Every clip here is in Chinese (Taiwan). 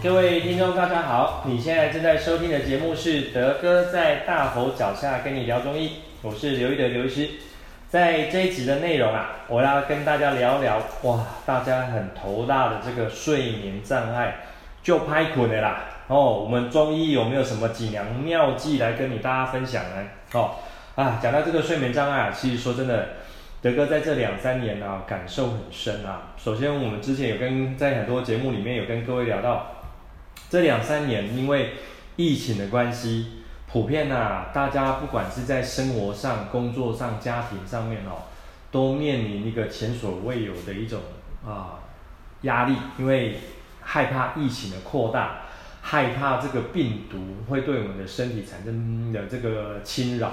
各位聽眾，大家好！你現在正在收聽的節目是《德哥在大佛腳下》跟你聊中醫，我是劉一德劉醫師。在這一集的內容啊，我要跟大家聊聊哇，大家很頭大的這個睡眠障礙，就拍捆的啦哦。我們中醫有沒有什麼錦囊妙計來跟你大家分享呢？哦啊，講到這個睡眠障礙啊，其實說真的，德哥在這兩三年啊，感受很深啊。首先，我們之前有跟在很多節目裡面有跟各位聊到。這兩三年，因為疫情的關係，普遍吶、啊，大家不管是在生活上、工作上、家庭上面哦，都面臨一個前所未有的一種啊、呃、壓力，因為害怕疫情的擴大，害怕這個病毒會對我們的身體產生的這個侵擾，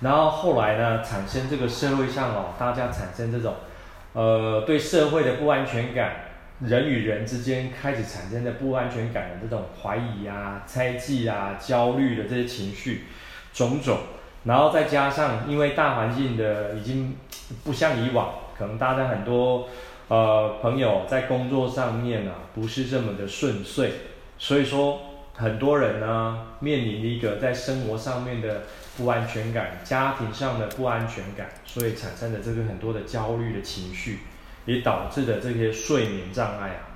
然後後來呢，產生這個社會上哦，大家產生這種呃對社會的不安全感。人與人之間開始產生的不安全感的這種懷疑啊、猜忌啊、焦慮的這些情緒，種種，然後再加上因為大環境的已經不像以往，可能大家很多呃朋友在工作上面啊不是這麼的順遂，所以說很多人呢、啊、面臨一個在生活上面的不安全感、家庭上的不安全感，所以產生的這個很多的焦慮的情緒。也導致的這些睡眠障礙啊，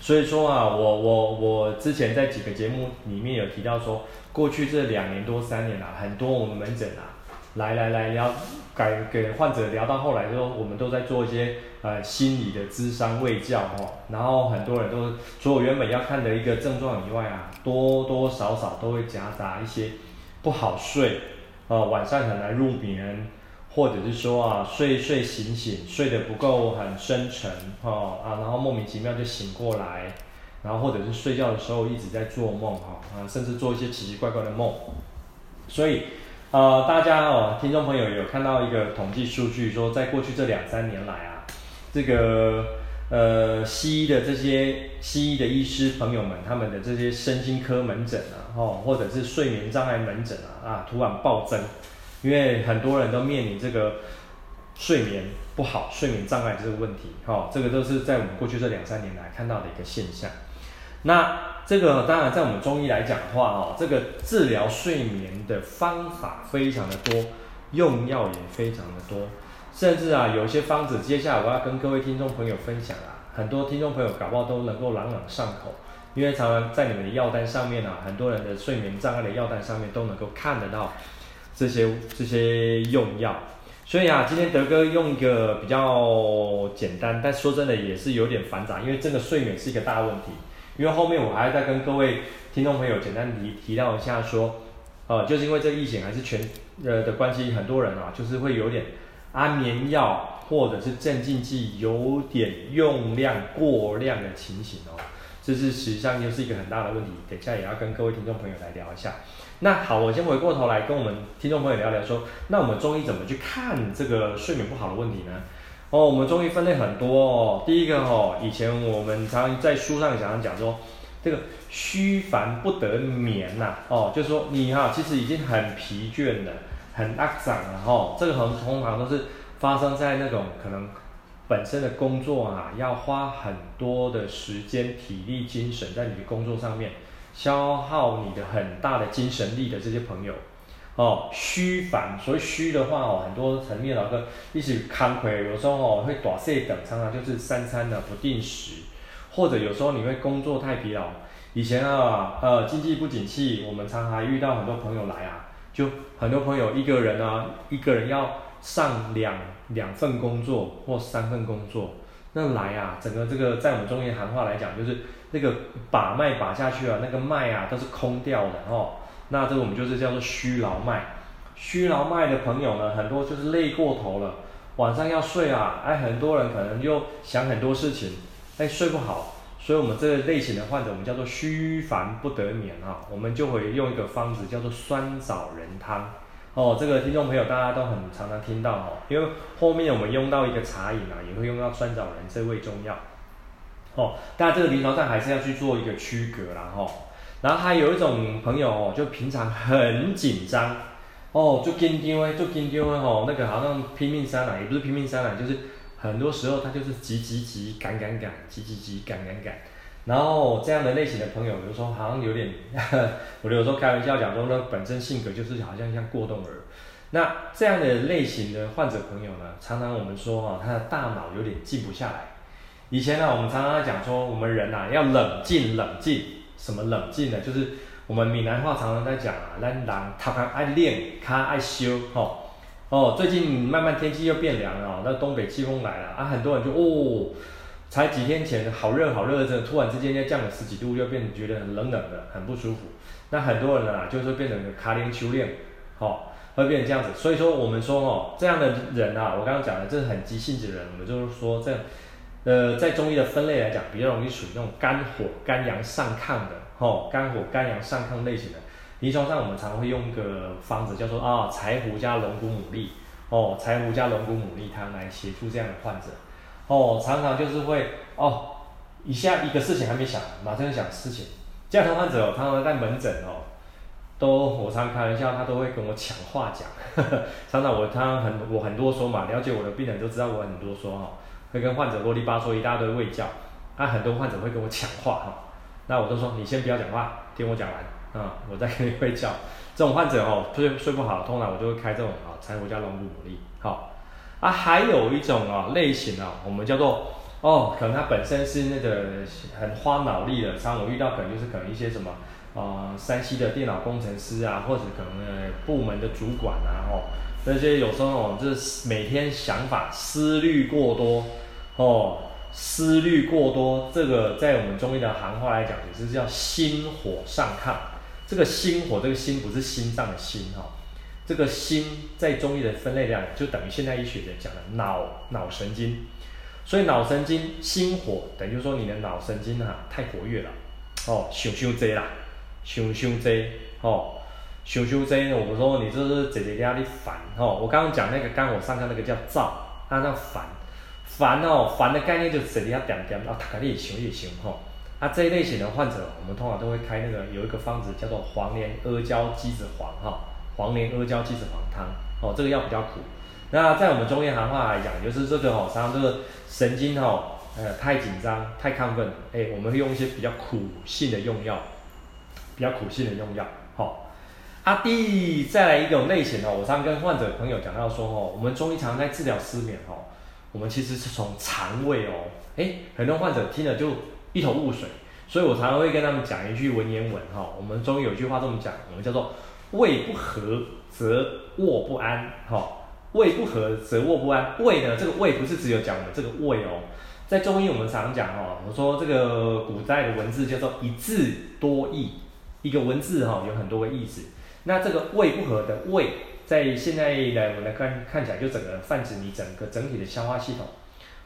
所以說啊，我我我之前在幾個節目裡面有提到說，過去這兩年多三年啊，很多我們門診啊，來來來聊，給給患者聊到後來說，我們都在做一些呃心理的諮商衛教哈，然後很多人都除了原本要看的一個症狀以外啊，多多少少都會夾雜一些不好睡，呃，晚上很難入眠。或者是說啊，睡睡醒醒，睡得不夠很深沉哈、哦、啊，然後莫名其妙就醒過來，然後或者是睡覺的時候一直在做夢哈、哦、啊，甚至做一些奇奇怪怪的夢。所以呃，大家哦，聽眾朋友有看到一個統計數據說，說在過去這兩三年來啊，這個呃，西醫的這些西醫的醫師朋友們，他們的這些神經科門診啊，哈、哦，或者是睡眠障礙門診啊啊，突然暴增。因為很多人都面臨這個睡眠不好、睡眠障礙這個問題，哈、哦，這個都是在我們過去這兩三年來看到的一個現象。那這個當然在我們中醫來講的話，哈、哦，這個治療睡眠的方法非常的多，用藥也非常的多，甚至啊，有一些方子，接下來我要跟各位聽眾朋友分享啊，很多聽眾朋友搞不好都能夠朗朗上口，因為常常在你們的藥單上面啊，很多人的睡眠障礙的藥單上面都能夠看得到。這些這些用藥，所以啊，今天德哥用一個比較簡單，但說真的也是有點繁雜，因為真的睡眠是一個大問題。因為後面我還要再跟各位聽眾朋友簡單提提到一下說，呃，就是因為這個疫情還是全呃的關係，很多人啊就是會有點安眠藥或者是鎮靜劑有點用量過量的情形哦，這是實際上又是一個很大的問題，等一下也要跟各位聽眾朋友來聊一下。那好，我先回過頭來跟我們聽眾朋友聊聊說，說那我們中醫怎麼去看這個睡眠不好的問題呢？哦，我們中醫分類很多哦。第一個哦，以前我們常在書上講講說，這個虛煩不得眠吶、啊，哦，就是說你哈、啊、其實已經很疲倦了，很壓脹了哈、哦。這個很通常都是發生在那種可能本身的工作啊，要花很多的時間、體力、精神在你的工作上面。消耗你的很大的精神力的這些朋友，哦，虛煩，所以虛的話哦，很多層面老個，一起康虧，有時候哦會短睡等常常就是三餐的、啊、不定時，或者有時候你會工作太疲勞。以前啊，呃，經濟不景氣，我們常常還遇到很多朋友來啊，就很多朋友一個人啊，一個人要上兩兩份工作或三份工作。那來呀、啊，整個這個在我們中醫行話來講，就是那個把脈把下去啊，那個脈啊都是空掉的哦。那這個我們就是叫做虛勞脈，虛勞脈的朋友呢，很多就是累過頭了，晚上要睡啊，哎很多人可能又想很多事情，哎睡不好，所以我們這個類型的患者我們叫做虛煩不得眠啊、哦。我們就會用一個方子叫做酸棗仁湯。哦，這個聽眾朋友大家都很常常聽到哦，因為後面我們用到一個茶飲啊，也會用到酸棗仁這味中藥。哦，但這個臨床上還是要去做一個區隔啦。哈、哦。然後還有一種朋友哦，就平常很緊張，哦，就緊張啊，就緊張啊，吼，那個好像拼命三郎，也不是拼命三郎，就是很多時候他就是急急急，趕趕趕，急急急，趕趕趕。然後這樣的類型的朋友，比如說好像有點， 我有時候開玩笑講說那本身性格就是好像像過動兒。那這樣的類型的患者朋友呢，常常我們說哈、啊，他的大腦有點靜不下來。以前呢、啊，我們常常在講說，我們人吶、啊、要冷靜冷靜，什麼冷靜呢？就是我們閩南話常常在講啊，咱人他怕愛練，他愛修哈、哦。哦，最近慢慢天氣又變涼了，哦、那東北季風來了啊，很多人就哦。才幾天前好熱好熱的，突然之間就降了十幾度，又變得覺得很冷冷的，很不舒服。那很多人啊，就是變成一個卡丁秋練，哈、哦，會變成這樣子。所以說我們說哦，這樣的人啊，我剛剛講的這是很急性子的人，我們就是說這呃，在中醫的分類來講，比較容易屬於那種肝火肝陽上亢的，哈、哦，肝火肝陽上亢類型的。臨床上我們常會用個方子叫做啊柴胡加龍骨牡蠣，哦，柴胡加龍骨牡蠣湯來協助這樣的患者。哦，常常就是會哦，一下一個事情還沒想，馬上又想事情。這樣的患者哦，常常在門診哦，都我常開玩笑，他都會跟我搶話講呵呵，常常我他很我很多說嘛，了解我的病人都知道我很多說哈，會跟患者囉里吧嗦一大堆衛教。那很多患者會跟我搶話哈，那我都說，你先不要講話，聽我講完，嗯，我再跟你衛教。這種患者哦，睡睡不好，通常我就會開這種哦柴胡加龍骨牡蠣，好。啊，還有一種啊類型啊，我們叫做哦，可能他本身是那個很花腦力的，像我遇到可能就是可能一些什麼啊，呃、山西的電腦工程師啊，或者可能部門的主管吶、啊，哦，這些有時候哦，就是每天想法思慮過多，哦，思慮過多，這個在我們中醫的行話來講，也是叫心火上亢，這個心火，這個心不是心臟的心哈。哦這個心在中醫的分類量，就等於現代醫學的講的腦腦神經，所以腦神經心火，等於說你的腦神經哈、啊、太活躍了，哦想想多啦，想想多，哦想想多呢，我們說你這是坐在家下你煩哦。我剛剛講那個肝火上亢那個叫燥，啊那個、煩，煩哦煩的概念就是坐在底下點點，啊大家也行也行哈，啊這一類型的患者，我們通常都會開那個有一個方子叫做黃連阿膠雞子黃哈。哦黃連阿膠雞子黃湯，哦，這個藥比較苦。那在我們中醫行話來講，就是這個哦，好像這個神經哦，呃，太緊張、太亢奮了、欸。我們會用一些比較苦性的用藥，比較苦性的用藥。好、哦，阿弟，再來一種類型哦。我常常跟患者朋友講到說哦，我們中醫常常在治療失眠哦，我們其實是從腸胃哦。哎、欸，很多患者聽了就一頭霧水，所以我常常會跟他們講一句文言文哈。我們中醫有一句話這麼講，我們叫做。胃不和則臥不安，哈、哦，胃不和則臥不安。胃呢，這個胃不是只有講的這個胃哦，在中醫我們常講哦，我說這個古代的文字叫做一字多義，一個文字哈、哦、有很多個意思。那這個胃不和的胃，在現在的我們看看起來就整個泛指你整個整體的消化系統，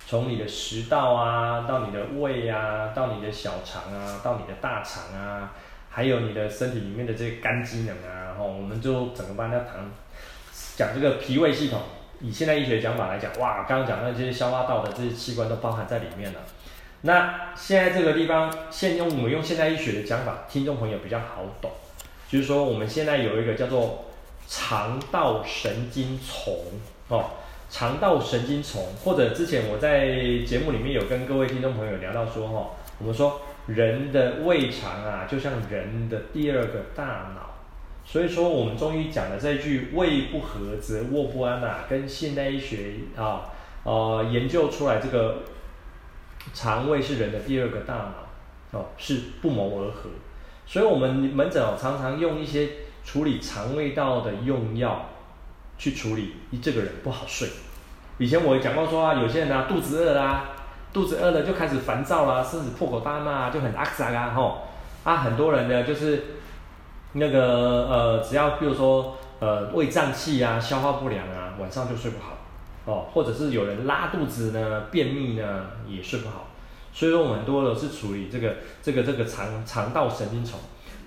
從你的食道啊，到你的胃啊，到你的小腸啊，到你的大腸啊。還有你的身體裡面的這些肝機能啊，然後我們就整個幫它談，講這個脾胃系統，以現代醫學講法來講，哇，剛剛講的這些消化道的這些器官都包含在裡面了。那現在這個地方，現用我們用現代醫學的講法，聽眾朋友比較好懂，就是說我們現在有一個叫做腸道神經叢哦，腸道神經叢，或者之前我在節目裡面有跟各位聽眾朋友聊到說哈，我們說。人的胃腸啊，就像人的第二個大腦，所以說我們中醫講的這句“胃不和則臥不安、啊”吶，跟現代醫學啊，呃，研究出來這個腸胃是人的第二個大腦哦、啊，是不謀而合。所以我們門診哦，常常用一些處理腸胃道的用藥去處理，你這個人不好睡。以前我也講過說啊，有些人啊，肚子餓啦、啊。肚子餓了就開始煩躁啦、啊，甚至破口大罵、啊，就很阿扎啦、啊。吼、哦。啊，很多人呢就是那個呃，只要譬如說呃胃脹氣啊、消化不良啊，晚上就睡不好哦，或者是有人拉肚子呢、便秘呢也睡不好。所以說我們很多的是處理這個這個這個腸腸、這個、道神經叢。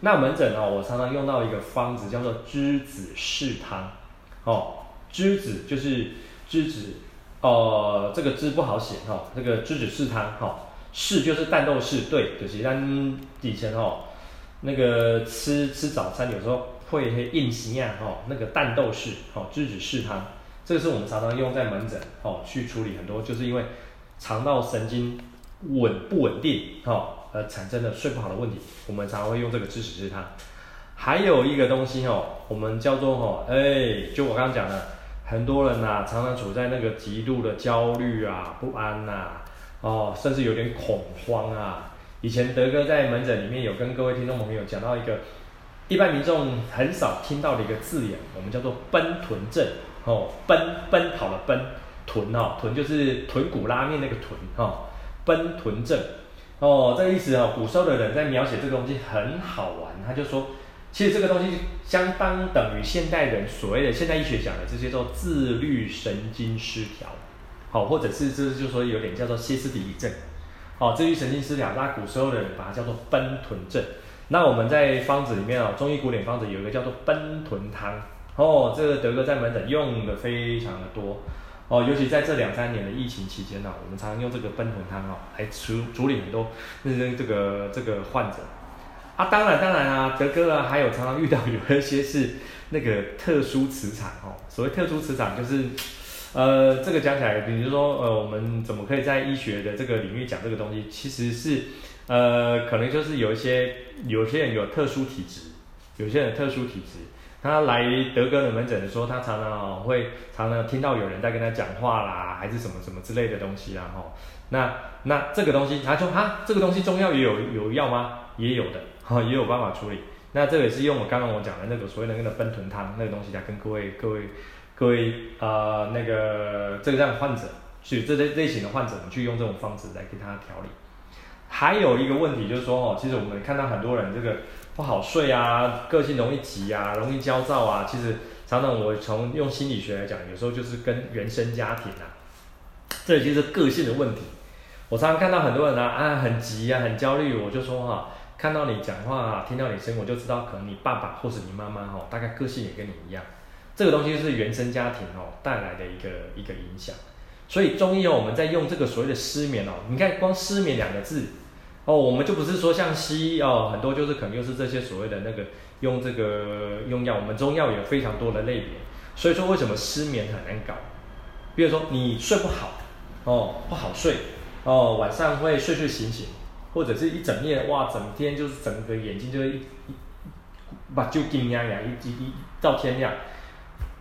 那門診呢、哦，我常常用到一個方子叫做梔子豉湯。哦，梔子就是梔子。哦、呃，這個字不好寫哈、哦，那個梔子豉湯哈，豉、哦、就是淡豆豉，對，就是但以前哈、哦，那個吃吃早餐有時候會很硬硬啊哈，那個淡豆豉。好，梔子豉湯，這個是我們常常用在門診，好、哦、去處理很多就是因為腸道神經穩不穩定哈、哦、而產生的睡不好的問題，我們常常會用這個梔子豉湯，還有一個東西哦，我們叫做哦，哎，就我剛剛講的。很多人吶、啊，常常處在那個極度的焦慮啊、不安吶、啊，哦，甚至有點恐慌啊。以前德哥在門診裡面有跟各位聽眾朋友講到一個一般民眾很少聽到的一個字眼，我們叫做“奔豚症”哦，奔奔跑了奔，豚哦，豚就是豚骨拉麵那個豚哈、哦，奔豚症哦，這意思哦，古時候的人在描寫這個東西很好玩，他就說。其實這個東西相當等於現代人所謂的現代醫學講的這些叫自律神經失調，好，或者是就是就說有點叫做歇斯底里症，好，自律神經失調，那古時候的人把它叫做奔豚症。那我們在方子裡面哦，中醫古典方子有一個叫做奔豚湯，哦，這個德哥在門診用的非常的多，哦，尤其在這兩三年的疫情期間呢，我們常用這個奔豚湯哦來處處理很多些這個這個患者。啊，當然當然啊，德哥啊，還有常常遇到有一些是那個特殊磁場哦。所謂特殊磁場，就是呃這個講起來，比如說呃我們怎麼可以在醫學的這個領域講這個東西，其實是呃可能就是有一些有些人有特殊體質，有些人有特殊體質，他來德哥的門診的時候，他常常會常常聽到有人在跟他講話啦，還是什麼什麼之類的東西啦，哦，那那這個東西，他說啊，這個東西中藥也有有藥嗎？也有的。好，也有辦法處理。那這也是用我剛剛我講的那個所謂的那個奔豚湯那個東西來跟各位各位各位呃那個這個這樣的患者，去這類類型的患者去用這種方式來給他調理。還有一個問題就是說哦，其實我們看到很多人這個不好睡啊，個性容易急啊，容易焦躁啊。其實常常我從用心理學來講，有時候就是跟原生家庭啊，這就是個性的問題。我常常看到很多人啊啊很急啊，很焦慮，我就說哈、啊。看到你講話，聽到你聲音，我就知道可能你爸爸或是你媽媽哦，大概個性也跟你一樣。這個東西就是原生家庭哦帶來的一個一個影響。所以中醫哦，我們在用這個所謂的失眠哦，你看光失眠兩個字哦，我們就不是說像西醫哦，很多就是可能又是這些所謂的那個用這個用藥，我們中藥有非常多的類別。所以說為什麼失眠很難搞？比如說你睡不好哦，不好睡哦，晚上會睡睡醒醒。或者是一整夜，哇，整天就是整個眼睛就是一不就金呀呀，一一,一到天亮。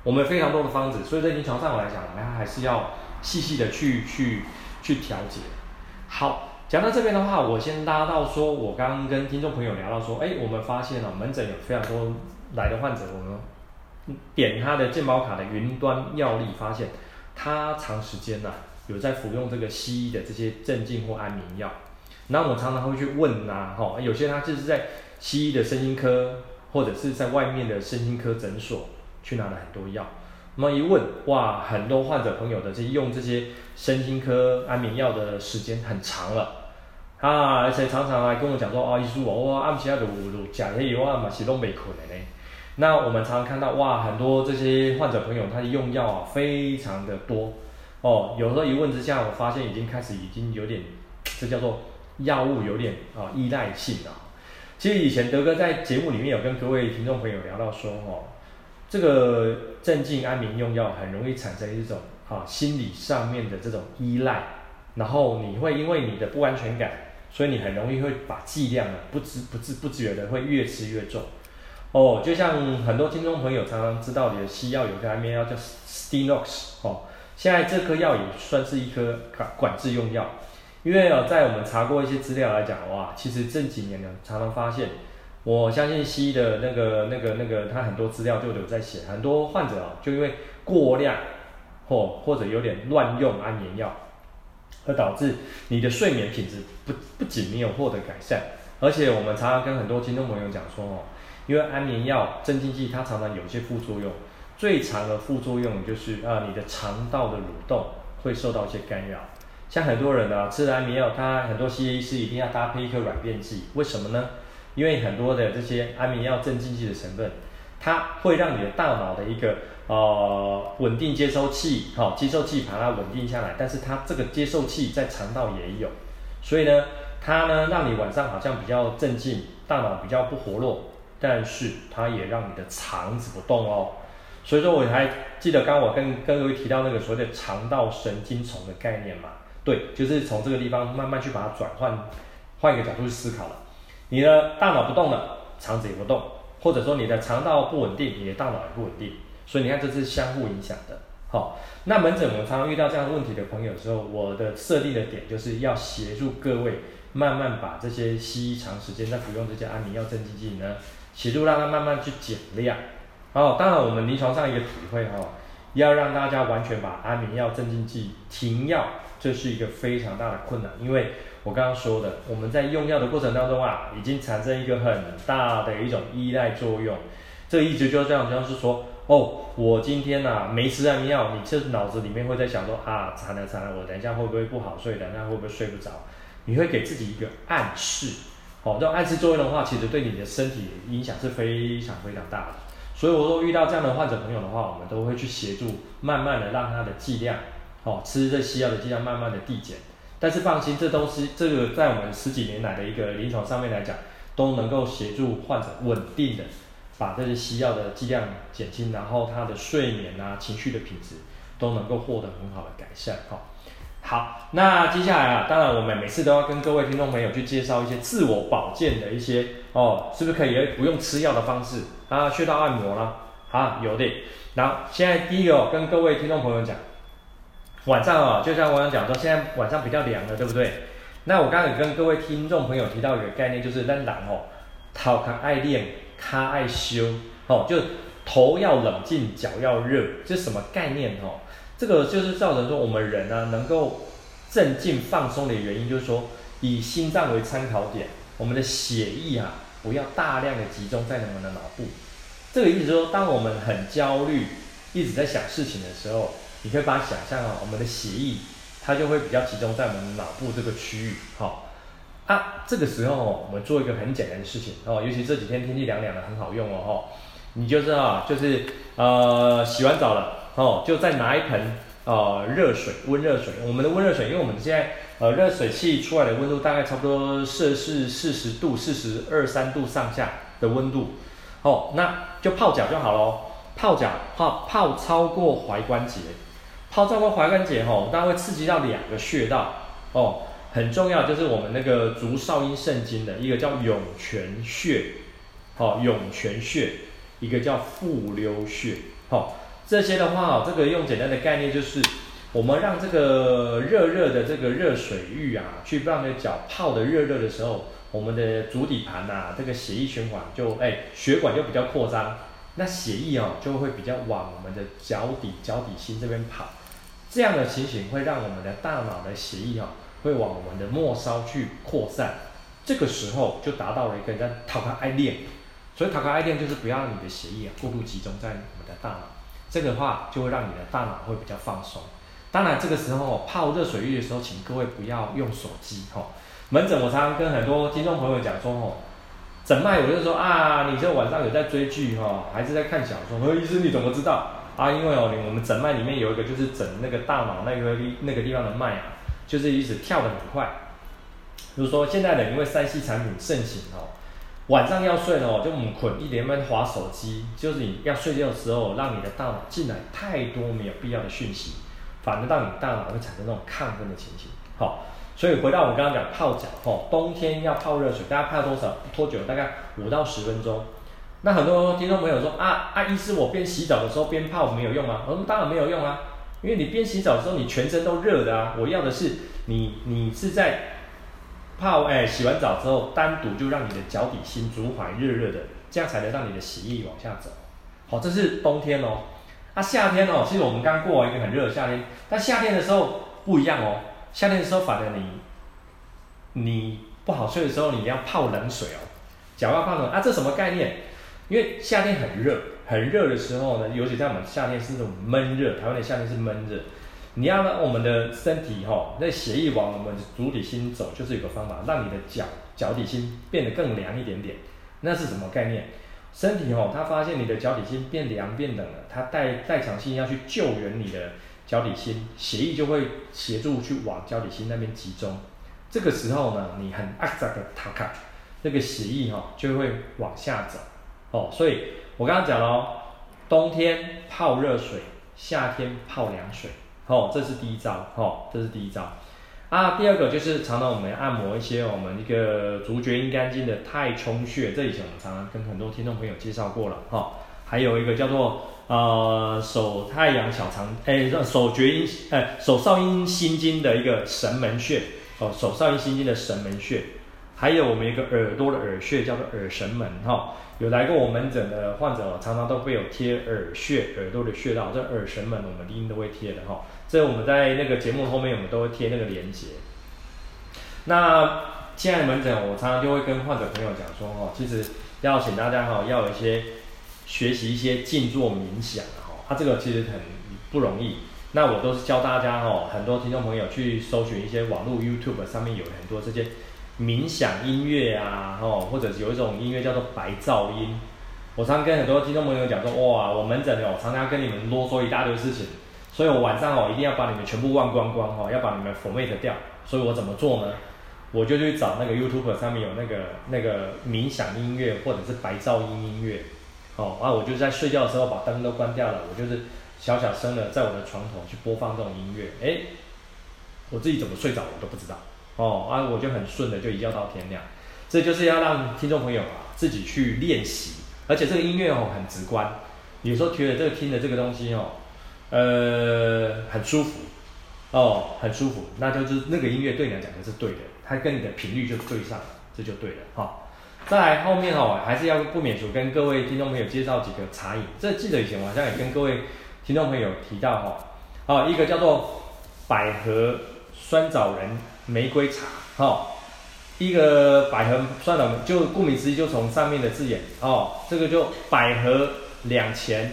我們非常多的方子，所以在臨床上來講，好，還是要細細的去去去調節。好，講到這邊的話，我先拉到說我剛剛跟聽眾朋友聊到說，哎，我們發現了、啊、門診有非常多來的患者，我們點他的健保卡的雲端藥歷，發現他長時間呢、啊、有在服用這個西醫的這些鎮靜或安眠藥。那我常常會去問吶、啊、哈、哦，有些他就是在西醫的身心科，或者是在外面的身心科診所去拿了很多藥。那麼一問，哇，很多患者朋友的這些用這些身心科安眠藥的時間很長了，啊，而且常常還跟我講說，啊，醫師啊，我按其他的講也有啊，按其實都沒可能嘞。那我們常常看到，哇，很多這些患者朋友他的用藥啊非常的多，哦，有時候一問之下，我發現已經開始已經有點，這叫做。藥物有點啊依賴性的，其實以前德哥在節目裡面有跟各位聽眾朋友聊到說哦，這個鎮靜安眠用藥很容易產生一種心理上面的這種依賴，然後你會因為你的不安全感，所以你很容易會把劑量不知不知不知不覺的會越吃越重。哦，就像很多聽眾朋友常常知道你的西藥有個安眠藥叫 Stilnox 哦，現在這顆藥也算是一顆管制用藥。因為啊，在我們查過一些資料來講，哇，其實這幾年呢，常常發現，我相信西醫的那個、那個、那個，他很多資料就有在寫，很多患者啊，就因為過量或、哦、或者有點亂用安眠藥，而導致你的睡眠品質不不僅沒有獲得改善，而且我們常常跟很多聽眾朋友講說哦，因為安眠藥鎮靜劑它常常有一些副作用，最常的副作用就是啊、呃，你的腸道的蠕動會受到一些干擾。像很多人呢、啊，吃的安眠藥，它很多西醫是一定要搭配一顆軟便劑，為什麼呢？因為很多的這些安眠藥鎮靜劑的成分，它會讓你的大腦的一個呃穩定接收器，好、哦，接收器把它穩定下來。但是它這個接收器在腸道也有，所以呢，它呢讓你晚上好像比較鎮靜，大腦比較不活絡，但是它也讓你的腸子不動哦。所以說我還記得剛剛我跟跟各位提到那個所謂的腸道神經叢的概念嘛。對，就是從這個地方慢慢去把它轉換，換一個角度去思考了。你的大腦不動了，腸子也不動，或者說你的腸道不穩定，你的大腦也不穩定，所以你看這是相互影響的。好、哦，那門診我們常常遇到這樣問題的朋友的時候，我的設定的點就是要協助各位慢慢把這些西醫長時間在服用這些安眠藥、鎮靜劑呢，協助讓他慢慢去減量。哦，當然我們臨床上也體會哈、哦，要讓大家完全把安眠藥、鎮靜劑停藥。這是一個非常大的困難，因為我剛剛說的，我們在用藥的過程當中啊，已經產生一個很大的一種依賴作用，這一直就是這樣，就是說，哦，我今天啊沒吃完藥，你這腦子裡面會在想說啊，慘了慘了，我等一下會不會不好睡的，等一下會不會睡不着，你會給自己一個暗示。好，這種暗示作用的話，其實對你的身體影響是非常非常大的，所以，我說遇到這樣的患者朋友的話，我們都會去協助，慢慢的讓他的劑量。哦，吃這西藥的劑量慢慢的遞減，但是放心，這東西這個在我們十幾年來的一個臨床上面來講，都能夠協助患者穩定的把這些西藥的劑量減輕，然後他的睡眠啊、情緒的品質都能夠獲得很好的改善。好，好，那接下來啊，當然我們每次都要跟各位聽眾朋友去介紹一些自我保健的一些哦，是不是可以不用吃藥的方式啊？穴道按摩呢？啊，有的。那現在第一個跟各位聽眾朋友講。晚上哦、啊，就像我想講說，現在晚上比較涼了，對不對？那我剛剛跟各位聽眾朋友提到一個概念，就是咱人哦，頭殼愛冷，跤愛燒，哦，就頭要冷靜，腳要熱，這是什麼概念哦？這個就是造成說我們人呢、啊、能夠鎮靜放鬆的原因，就是說以心臟為參考點，我們的血液啊，不要大量的集中在我們的腦部。這個意思是說，當我們很焦慮，一直在想事情的時候。你可以把它想象啊，我們的血液它就會比較集中在我們腦部這個區域，哈，啊，這個時候哦，我們做一個很簡單的事情哦，尤其這幾天天氣涼涼的，很好用哦，你就是啊，就是呃，洗完澡了哦，就再拿一盆呃熱水，溫熱水，我們的溫熱水，因為我們現在呃，熱水器出來的溫度大概差不多攝氏四十度，四十二三度上下的溫度，哦，那就泡腳就好咯，泡腳，泡泡超過踝關節。照顧踝關節吼，當然會刺激到兩個穴道哦。很重要就是我們那個足少陰腎經的一個叫湧泉穴，好、哦、湧泉穴，一個叫復溜穴，好、哦、這些的話，這個用簡單的概念就是，我們讓這個熱熱的這個熱水浴啊，去讓那腳泡得熱熱的時候，我們的足底盤吶、啊，這個血液循環就哎血管就比較擴張，那血液哦、啊、就會比較往我們的腳底腳底心這邊跑。這樣的情形會讓我們的大腦的血液哈、啊、會往我們的末梢去擴散，這個時候就達到了一個叫“打開愛鏈”，所以“打開愛鏈”就是不要讓你的血液、啊、過度集中在我們的大腦，這個的話就會讓你的大腦會比較放鬆。當然，這個時候泡熱水浴的時候，請各位不要用手機哈、哦。門診我常常跟很多聽眾朋友講說哦，診脈我就說啊，你這晚上有在追劇哈、哦，還是在看小說？何醫師你怎麼知道？啊，因為哦，我們診脈裡面有一個就是診那個大腦那個那個地方的脈啊，就是一直跳得很快。就是說，現在呢，因為三 C 產品盛行哦，晚上要睡了哦，就唔捆一點慢滑手機，就是你要睡覺的時候，讓你的大腦進來太多沒有必要的訊息，反而讓你大腦會產生那種亢奮的情形。好，哦，所以回到我們剛剛講泡腳哦，冬天要泡熱水，大家泡多少？不拖久大概五到十分鐘。那很多聽眾朋友說啊，阿、啊、醫師，是我邊洗澡的時候邊泡沒有用啊？我說當然沒有用啊，因為你邊洗澡的時候，你全身都熱的啊。我要的是你，你是在泡，哎、欸，洗完澡之後，單獨就讓你的腳底心、足踝熱熱的，這樣才能讓你的血液往下走。好，這是冬天哦。那、啊、夏天哦，其實我們剛過完一個很熱的夏天，但夏天的時候不一樣哦。夏天的時候，反正你，你不好睡的時候，你要泡冷水哦。腳要泡冷啊，這什麼概念？因為夏天很熱，很熱的時候呢，尤其在我們夏天是那種悶熱，台灣的夏天是悶熱。你要讓我們的身體哈、哦，那血液往我們的足底心走，就是有一個方法，讓你的腳腳底心變得更涼一點點。那是什麼概念？身體哈、哦，它發現你的腳底心變涼變冷了，它代代償性要去救援你的腳底心，血液就會協助去往腳底心那邊集中。這個時候呢，你很阿扎的躺下，那、這個血液哈、哦、就會往下走。哦，所以我剛剛講了哦，冬天泡熱水，夏天泡涼水，哦，這是第一招，哦，這是第一招。啊，第二個就是常常我們按摩一些我們一個足厥陰肝經的太沖穴，這以前我們常常跟很多聽眾朋友介紹過了，哈、哦。還有一個叫做呃手太陽小腸，哎手厥陰，手少陰心經的一個神門穴，哦手少陰心經的神門穴。還有我們一個耳朵的耳穴叫做耳神門，哈，有來過我們門診的患者常常都會有貼耳穴，耳朵的穴道，這耳神門我們一定都會貼的哈。這我們在那個節目後面我們都會貼那個連結。那現在的門診，我常常就會跟患者朋友講說，其實要請大家哈，要有一些學習一些靜坐冥想，哈，它這個其實很不容易。那我都是教大家很多聽眾朋友去搜尋一些網絡 YouTube 上面有很多這些。冥想音樂啊，吼，或者是有一種音樂叫做白噪音。我常跟很多聽眾朋友講說，哇，我門診哦，常常跟你們囉嗦一大堆事情，所以我晚上哦，一定要把你們全部忘光光哦，要把你們 format 掉。所以我怎麼做呢？我就去找那個 YouTube 上面有那個那個冥想音樂或者是白噪音音樂，哦，啊，我就是在睡覺的時候把燈都關掉了，我就是小小聲的在我的床頭去播放這種音樂，誒，我自己怎麼睡着我都不知道。哦啊，我就很順的就一覺到天亮，這就是要讓聽眾朋友、啊、自己去練習，而且這個音樂哦，很直觀，有時候覺得這個聽的這個東西哦，呃，很舒服，哦很舒服，那就是那個音樂對你來講的是對的，它跟你的頻率就對上，這就對了哈。哦、再來後面哦，還是要不免俗跟各位聽眾朋友介紹幾個茶飲，這記得以前好像也跟各位聽眾朋友提到哈、哦，啊、哦、一個叫做百合酸棗仁。玫瑰茶，好、哦，一個百合算了，就顧名思義，就從上面的字眼，哦，這個就百合兩錢，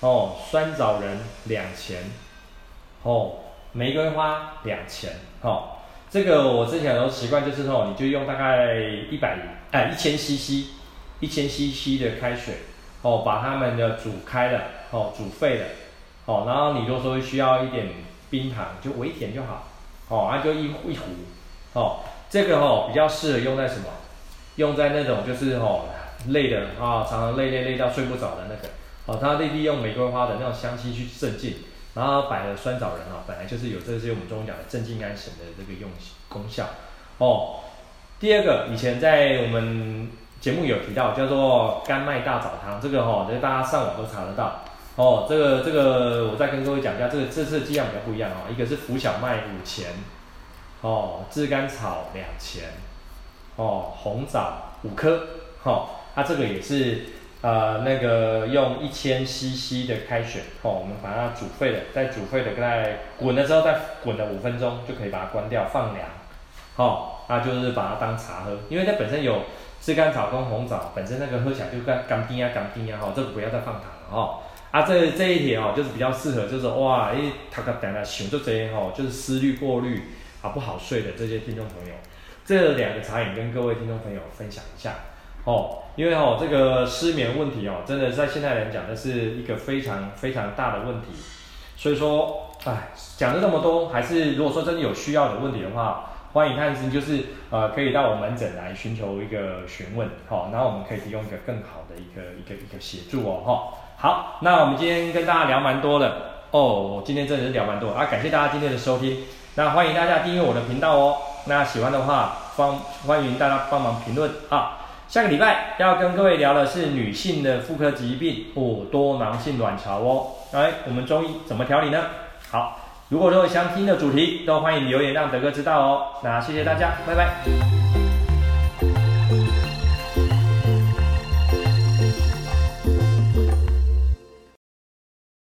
哦，酸棗仁兩錢，哦，玫瑰花兩錢，哦，這個我之前有習慣就是，哦，你就用大概一百，哎，一千 CC，一千 CC 的開水，哦，把它們的煮開了，哦，煮沸了，哦，然後你就說需要一點冰糖，就微甜就好。哦，它、啊、就一壺一壺，哦，這個哦比較適合用在什麼？用在那種就是哦累的啊、哦，常常累累累到睡不着的那個，哦，它利用用玫瑰花的那種香氣去鎮靜，然後擺了酸棗仁啊，本來就是有這些我們中醫講的鎮靜安神的這個用功效。哦，第二個，以前在我們節目有提到叫做甘麥大棗湯，這個哦，就是、大家上網都查得到。哦，這個這個我再跟各位講一下，這個這次的劑量比較不一樣哦，一個是浮小麥五錢，哦，炙甘草兩錢，哦，紅棗五顆，哈、哦，它、啊、這個也是呃那個用一千 CC 的開水，哦，我們把它煮沸了，再煮沸了，再滾了之後再滾了五分鐘就可以把它關掉放涼，好、哦，那、啊、就是把它當茶喝，因為它本身有炙甘草跟紅棗，本身那個喝起來就甘甘甜呀甘甜呀、啊，哈、啊，這個不，不要再放糖了，哦。啊，這這一點哦，就是比較適合，就是說哇，誒他個等下想就這些哦，就是思慮過慮啊不好睡的這些聽眾朋友，這兩個茶飲跟各位聽眾朋友分享一下哦，因為哦這個失眠問題哦，真的在現代人講的是一個非常非常大的問題，所以說，唉，講了這麼多，還是如果說真的有需要的問題的話，歡迎看診，就是呃可以到我們門診來尋求一個詢問，好、哦，然後我們可以提供一個更好的一個一個一個協助哦，哈、哦。好，那我們今天跟大家聊蠻多的。哦，今天真的是聊蠻多啊！感謝大家今天的收聽，那歡迎大家訂閱我的頻道哦。那喜歡的話，幫歡迎大家幫忙評論啊。下個禮拜要跟各位聊的是女性的婦科疾病哦，多囊性卵巢哦，哎，我們中醫怎麼調理呢？好，如果說有想聽的主題，都歡迎留言讓德哥知道哦。那謝謝大家，拜拜。